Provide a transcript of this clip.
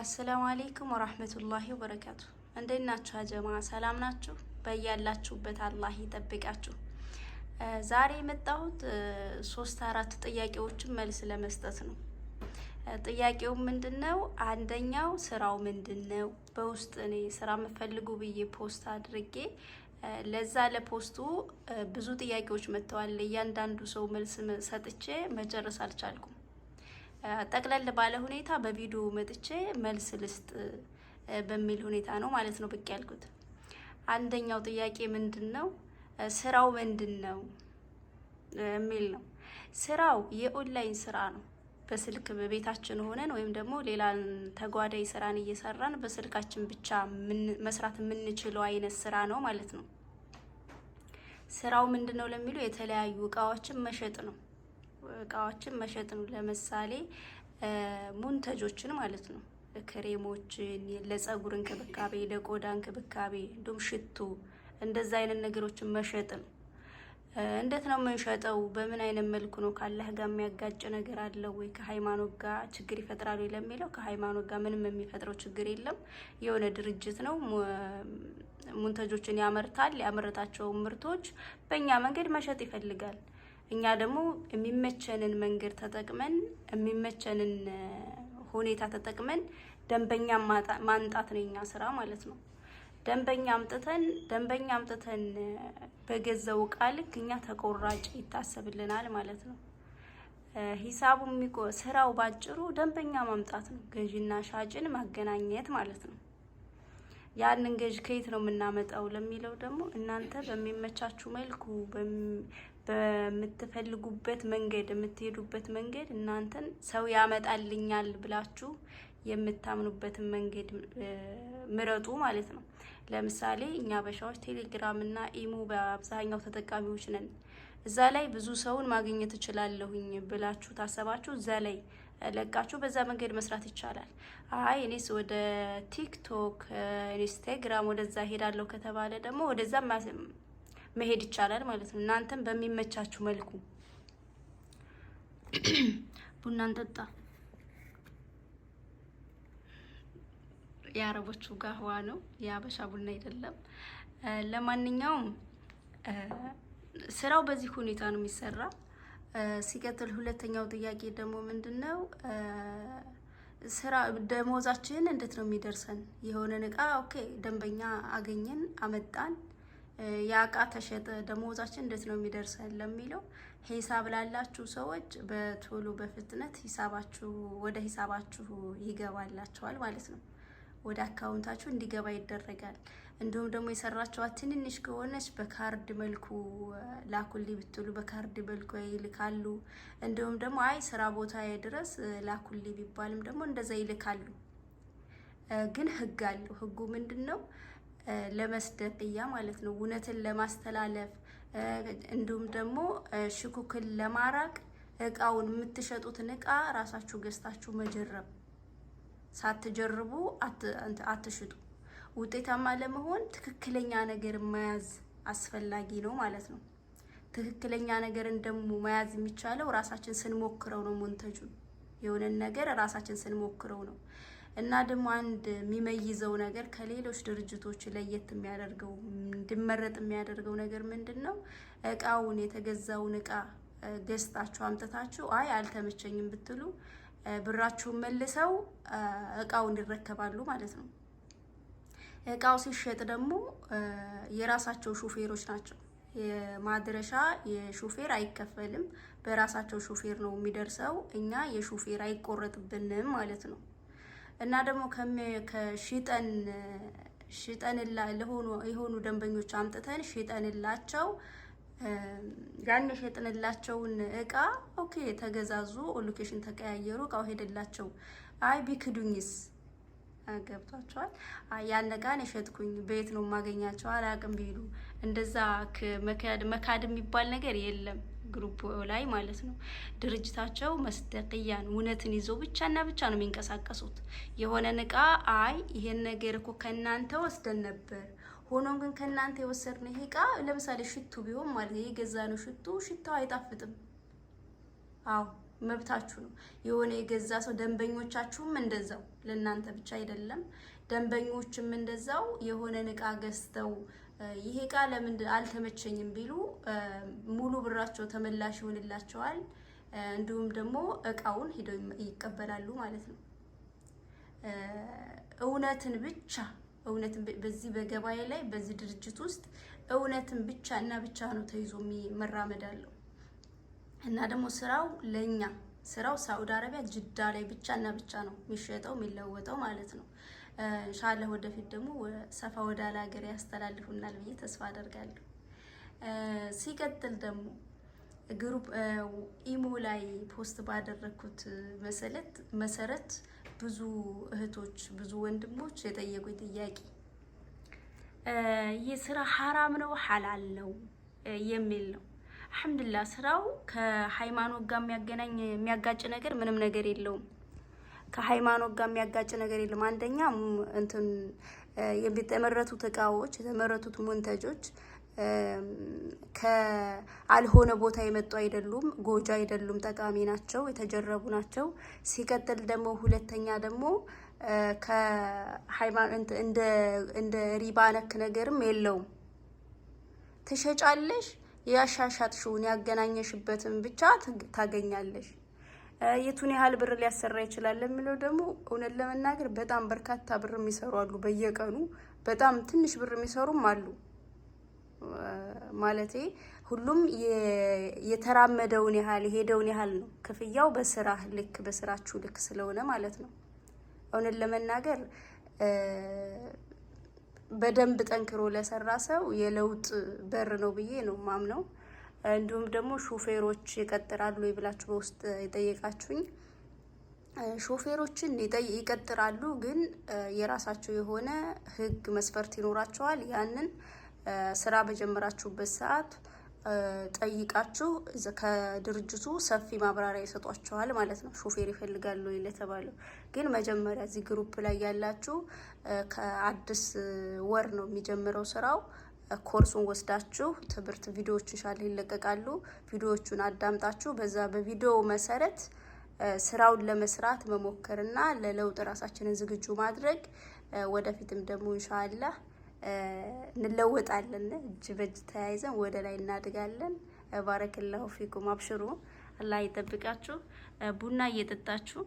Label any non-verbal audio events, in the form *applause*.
አሰላሙ አሌይኩም ወራህመቱላሂ ወበረካቱ። እንዴት ናችሁ አጀማ? ሰላም ናችሁ? በያላችሁበት አላህ ይጠብቃችሁ። ዛሬ የመጣሁት ሶስት አራት ጥያቄዎችን መልስ ለመስጠት ነው። ጥያቄው ምንድን ነው? አንደኛው ስራው ምንድን ነው? በውስጥ እኔ ስራ የምፈልጉ ብዬ ፖስት አድርጌ ለዛ ለፖስቱ ብዙ ጥያቄዎች መጥተዋል። እያንዳንዱ ሰው መልስ ሰጥቼ መጨረስ አልቻልኩም። ጠቅለል ባለ ሁኔታ በቪዲዮ መጥቼ መልስ ልስጥ በሚል ሁኔታ ነው ማለት ነው ብቅ ያልኩት። አንደኛው ጥያቄ ምንድን ነው ስራው ምንድን ነው የሚል ነው። ስራው የኦንላይን ስራ ነው። በስልክ በቤታችን ሆነን ወይም ደግሞ ሌላ ተጓዳይ ስራን እየሰራን በስልካችን ብቻ መስራት የምንችለው አይነት ስራ ነው ማለት ነው። ስራው ምንድን ነው ለሚሉ የተለያዩ እቃዎችን መሸጥ ነው። እቃዎችን መሸጥ ነው። ለምሳሌ ሙንተጆችን ማለት ነው። ክሬሞችን፣ ለፀጉር እንክብካቤ፣ ለቆዳ እንክብካቤ እንዲሁም ሽቱ እንደዛ አይነት ነገሮችን መሸጥ ነው። እንዴት ነው የምንሸጠው? በምን አይነት መልኩ ነው? ካላህ ጋር የሚያጋጭ ነገር አለ ወይ? ከሃይማኖት ጋር ችግር ይፈጥራሉ ለሚለው ከሃይማኖት ጋር ምንም የሚፈጥረው ችግር የለም። የሆነ ድርጅት ነው ሙንተጆችን ያመርታል። ያመረታቸውን ምርቶች በእኛ መንገድ መሸጥ ይፈልጋል። እኛ ደግሞ የሚመቸንን መንገድ ተጠቅመን የሚመቸንን ሁኔታ ተጠቅመን ደንበኛ ማምጣት ነው የኛ ስራ ማለት ነው። ደንበኛ አምጥተን ደንበኛ አምጥተን በገዛው ዕቃ ልክ እኛ ተቆራጭ ይታሰብልናል ማለት ነው። ሂሳቡ ስራው ባጭሩ ደንበኛ ማምጣት ነው፣ ገዥና ሻጭን ማገናኘት ማለት ነው። ያንን ገዥ ከየት ነው የምናመጣው ለሚለው ደግሞ እናንተ በሚመቻችሁ መልኩ በምትፈልጉበት መንገድ የምትሄዱበት መንገድ እናንተን ሰው ያመጣልኛል ብላችሁ የምታምኑበትን መንገድ ምረጡ ማለት ነው። ለምሳሌ እኛ በሻዎች ቴሌግራም እና ኢሞ በአብዛኛው ተጠቃሚዎች ነን። እዛ ላይ ብዙ ሰውን ማግኘት እችላለሁኝ ብላችሁ ታሰባችሁ እዛ ላይ ለቃችሁ በዛ መንገድ መስራት ይቻላል። አይ እኔስ ወደ ቲክቶክ፣ ኢንስታግራም ወደዛ ሄዳለሁ ከተባለ ደግሞ ወደዛ መሄድ ይቻላል ማለት ነው። እናንተም በሚመቻችሁ መልኩ *clears throat* ቡና እንጠጣ። የአረቦቹ ጋህዋ ነው የአበሻ ቡና አይደለም። ለማንኛውም ስራው በዚህ ሁኔታ ነው የሚሰራ። ሲቀጥል ሁለተኛው ጥያቄ ደግሞ ምንድን ነው? ስራ ደሞዛችን እንዴት ነው የሚደርሰን? የሆነን እቃ ኦኬ፣ ደንበኛ አገኘን፣ አመጣን የእቃ ተሸጠ ደሞዛችን እንዴት ነው የሚደርሰን ለሚለው ሂሳብ ላላችሁ ሰዎች በቶሎ በፍጥነት ሂሳባችሁ ወደ ሂሳባችሁ ይገባላችኋል ማለት ነው። ወደ አካውንታችሁ እንዲገባ ይደረጋል። እንዲሁም ደግሞ የሰራችኋት ትንንሽ ከሆነች በካርድ መልኩ ላኩልኝ ብትሉ በካርድ መልኩ ይልካሉ። እንዲሁም ደግሞ አይ ስራ ቦታ ድረስ ላኩልኝ ቢባልም ደግሞ እንደዛ ይልካሉ። ግን ህግ አለው። ህጉ ምንድን ነው? ለመስደቅያ ማለት ነው። እውነትን ለማስተላለፍ እንዲሁም ደግሞ ሽኩክን ለማራቅ እቃውን የምትሸጡትን እቃ ራሳችሁ ገዝታችሁ መጀረብ፣ ሳትጀርቡ አትሽጡ። ውጤታማ ለመሆን ትክክለኛ ነገር መያዝ አስፈላጊ ነው ማለት ነው። ትክክለኛ ነገርን ደግሞ መያዝ የሚቻለው ራሳችን ስንሞክረው ነው። ሞንተጁን የሆነን ነገር ራሳችን ስንሞክረው ነው። እና ደግሞ አንድ የሚመይዘው ነገር ከሌሎች ድርጅቶች ለየት የሚያደርገው እንዲመረጥ የሚያደርገው ነገር ምንድን ነው? እቃውን የተገዛውን እቃ ገዝታችሁ አምጥታችሁ አይ አልተመቸኝም ብትሉ ብራችሁን መልሰው እቃውን ይረከባሉ ማለት ነው። እቃው ሲሸጥ ደግሞ የራሳቸው ሹፌሮች ናቸው። የማድረሻ የሹፌር አይከፈልም። በራሳቸው ሹፌር ነው የሚደርሰው። እኛ የሹፌር አይቆረጥብንም ማለት ነው። እና ደግሞ ከሽጠን ሽጠንላ ለሆኑ የሆኑ ደንበኞች አምጥተን ሽጠንላቸው ያን የሸጥንላቸውን እቃ ኦኬ ተገዛዙ፣ ሎኬሽን ተቀያየሩ፣ እቃው ሄደላቸው። አይ ቢክዱኝስ? ገብቷቸዋል። ያን እቃን የሸጥኩኝ በየት ነው የማገኛቸው አላቅም ቢሉ እንደዛ መካድ የሚባል ነገር የለም። ግሩፕ ላይ ማለት ነው። ድርጅታቸው መስደቅያን እውነትን ይዞ ብቻና ብቻ ነው የሚንቀሳቀሱት። የሆነን እቃ አይ ይሄን ነገር እኮ ከእናንተ ወስደን ነበር፣ ሆኖም ግን ከእናንተ የወሰድነው ይሄ እቃ ለምሳሌ ሽቱ ቢሆን ማለት የገዛ የገዛነው ሽቱ ሽታው አይጣፍጥም። አዎ መብታችሁ ነው። የሆነ የገዛ ሰው ደንበኞቻችሁም እንደዛው ለእናንተ ብቻ አይደለም። ደንበኞችም እንደዛው የሆነ እቃ ገዝተው ይሄ እቃ ለምን አልተመቸኝም ቢሉ ሙሉ ብራቸው ተመላሽ ይሆንላቸዋል። እንዲሁም ደግሞ እቃውን ሄደው ይቀበላሉ ማለት ነው። እውነትን ብቻ እውነትን በዚህ በገበያ ላይ በዚህ ድርጅት ውስጥ እውነትን ብቻ እና ብቻ ነው ተይዞ የሚመራመድ አለው እና ደግሞ ስራው ለኛ ስራው ሳውዲ አረቢያ ጅዳ ላይ ብቻ እና ብቻ ነው የሚሸጠው የሚለወጠው ማለት ነው። እንሻላ ወደፊት ደግሞ ሰፋ አለ ሀገር ያስተላልፉናል ብዬ ተስፋ አደርጋለሁ። ሲቀጥል ደግሞ ግሩፕ ኢሞ ላይ ፖስት ባደረግኩት መሰረት ብዙ እህቶች ብዙ ወንድሞች የጠየቁኝ ጥያቄ የስራ ሀራም ነው ሀላል ነው የሚል ነው። አልሐምዱሊላህ ስራው ከሃይማኖት ጋር የሚያገናኝ የሚያጋጭ ነገር ምንም ነገር የለውም። ከሃይማኖት ጋር የሚያጋጭ ነገር የለም። አንደኛ እንትን የተመረቱት እቃዎች የተመረቱት ሞንተጆች ከአልሆነ ቦታ የመጡ አይደሉም፣ ጎጂ አይደሉም፣ ጠቃሚ ናቸው፣ የተጀረቡ ናቸው። ሲቀጥል ደግሞ ሁለተኛ ደግሞ እንደ ሪባ ነክ ነገርም የለውም። ትሸጫለሽ፣ ያሻሻጥሽውን ያገናኘሽበትን ብቻ ታገኛለሽ። የቱን ያህል ብር ሊያሰራ ይችላል ለሚለው ደግሞ እውነት ለመናገር በጣም በርካታ ብር የሚሰሩ አሉ። በየቀኑ በጣም ትንሽ ብር የሚሰሩም አሉ። ማለቴ ሁሉም የተራመደውን ያህል የሄደውን ያህል ነው ክፍያው፣ በስራ ልክ በስራችሁ ልክ ስለሆነ ማለት ነው። እውነት ለመናገር በደንብ ጠንክሮ ለሰራ ሰው የለውጥ በር ነው ብዬ ነው ማምነው። እንዲሁም ደግሞ ሾፌሮች ይቀጥራሉ ይብላችሁ በውስጥ የጠየቃችሁኝ ሾፌሮችን ይቀጥራሉ፣ ግን የራሳቸው የሆነ ህግ መስፈርት ይኖራቸዋል። ያንን ስራ በጀመራችሁበት ሰዓት ጠይቃችሁ ከድርጅቱ ሰፊ ማብራሪያ ይሰጧችኋል ማለት ነው። ሾፌር ይፈልጋሉ የተባለው ግን መጀመሪያ እዚህ ግሩፕ ላይ ያላችሁ ከአዲስ ወር ነው የሚጀምረው ስራው ኮርሱን ወስዳችሁ ትምህርት ቪዲዮዎች ሻል ይለቀቃሉ። ቪዲዮዎቹን አዳምጣችሁ በዛ በቪዲዮ መሰረት ስራውን ለመስራት መሞከርና ለለውጥ ራሳችንን ዝግጁ ማድረግ ወደፊትም ደግሞ እንሻላ እንለወጣለን። እጅ በእጅ ተያይዘን ወደ ላይ እናድጋለን። ባረክላሁ ፊኩም አብሽሩ። አላህ ይጠብቃችሁ። ቡና እየጠጣችሁ